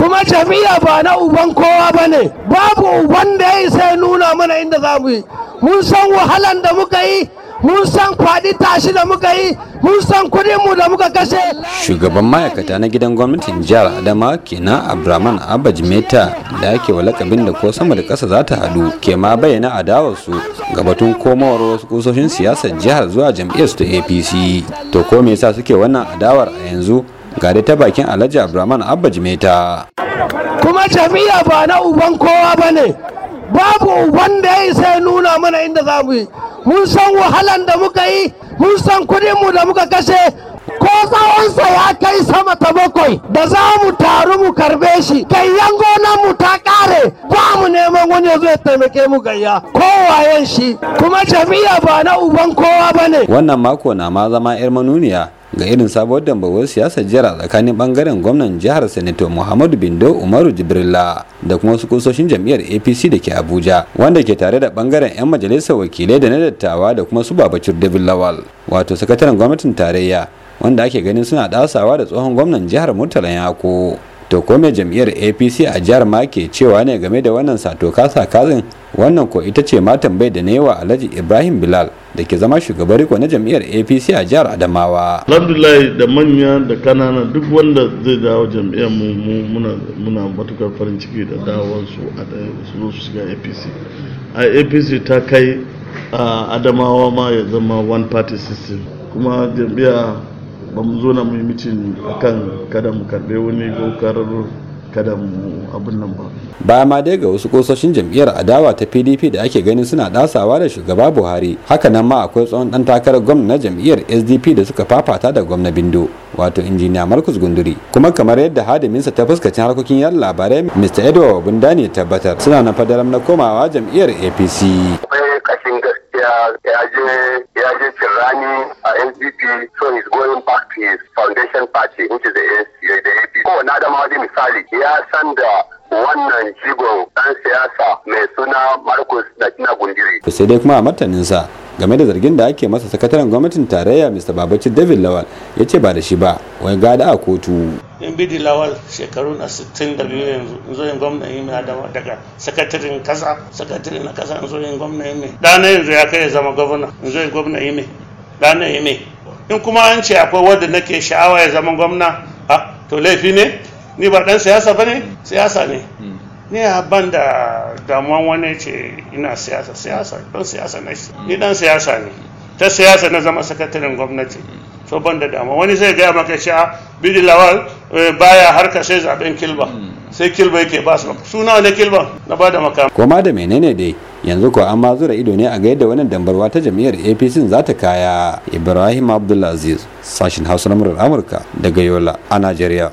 kuma jami'a ba na uban kowa ba ne babu uban da ya isa ya nuna mana inda za mu yi mun san wahalan da muka yi mun san kwadi tashi da muka yi mun san kuɗinmu da muka kashe shugaban ma'aikata na gidan gwamnatin jihar adama kenan abraman abaj meta da ake wa lakabin da ko sama da kasa za ta haɗu ke ma bayyana adawarsu ga batun komawar wasu kusoshin siyasar jihar zuwa jam'iyyar ta apc to ko me yasa suke wannan adawar a yanzu gare ta bakin alhaji abdulrahman abba jimeta kuma jami'a ba na uban kowa ba ne babu uban da ya isa ya nuna mana inda za mu yi mun san wahalan da muka yi mun san mu da muka kashe ko tsawonsa ya kai sama ta bakwai da za mu taru mu karbe shi gayyan gonan mu ta kare ba mu neman wani ya ya taimake mu gayya kowayen shi kuma jami'a ba na uban kowa ba ne wannan mako na ma zama 'yar manuniya ga irin sabuwar dambawar siyasar jihar tsakanin bangaren gwamnan jihar sanato muhammadu bindo umaru jibrila da kuma wasu kusoshin jam'iyyar apc da ke abuja wanda ke tare da bangaren 'yan majalisar wakilai da na dattawa da kuma su babacir david lawal wato sakataren gwamnatin tarayya wanda ake ganin suna dasawa da tsohon gwamnan jihar murtala yako to ko mai jam'iyyar apc a jihar ma ke cewa ne game da wannan sato kasa kazin wannan ko ita ce ma tambayar da na yi wa alhaji ibrahim bilal da ke zama shugaban riko na jam'iyyar apc a jihar adamawa alhamdulillah da manya da kanana duk wanda zai dawo jam'iyyar mu muna matukar farin ciki da dawansu a su su shiga apc a apc ta kai a adamawa ma ya zama one party system kuma jam'iyya ba mu zo na mu yi mitin akan kada mu karbe wani ko kada mu abin nan ba ba ma dai ga wasu kososhin jam'iyyar adawa ta pdp da ake ganin suna dasawa da shugaba buhari hakanan ma akwai tsohon dan takarar gwamna jam'iyyar sdp da suka fafata da gwamna bindo wato injiniya markus gunduri kuma kamar yadda hadiminsa ta fuskaci harkokin yan labarai mr edward bunda ne tabbatar suna na fadaram na komawa jam'iyyar apc kashin gaskiya ya je ya je cirani a NDP so he's going back to his foundation party which is the ANC adamawa misali ya san da wannan jigon ɗan siyasa mai suna marcus da kina gundiri sai dai kuma a martaninsa game da zargin da ake masa sakataren gwamnatin tarayya mr babaci david lawal ya ce ba da shi ba wai gada a kotu in bi da lawal shekaru na biyu yanzu in zo yin gwamna yi mai adama daga sakatarin kasa sakatarin na kasa in zo yin gwamna yi mai Dana yanzu ya kai ya zama gwamna in zo yin gwamna yi mai Dana yi mai in kuma an ce akwai wanda nake sha'awa ya zama gwamna to laifi ne ni ba dan siyasa ba ne hmm. siyasa ne hmm. ni a ban da damuwan wani ce ina siyasa siyasa don siyasa na shi ni dan siyasa ne hmm. ta siyasa na zama sakataren gwamnati so ban da damuwa wani zai gaya maka shi a bidi lawal eh, baya harka sai zaben kilba sai kilba yake ba su suna ne kilba na ba da makam koma da menene dai yanzu ko an ma zura ido ne a ga yadda wannan dambarwa ta jam'iyyar apc za ta kaya ibrahim abdulaziz sashin hausa na amurka daga yola a najeriya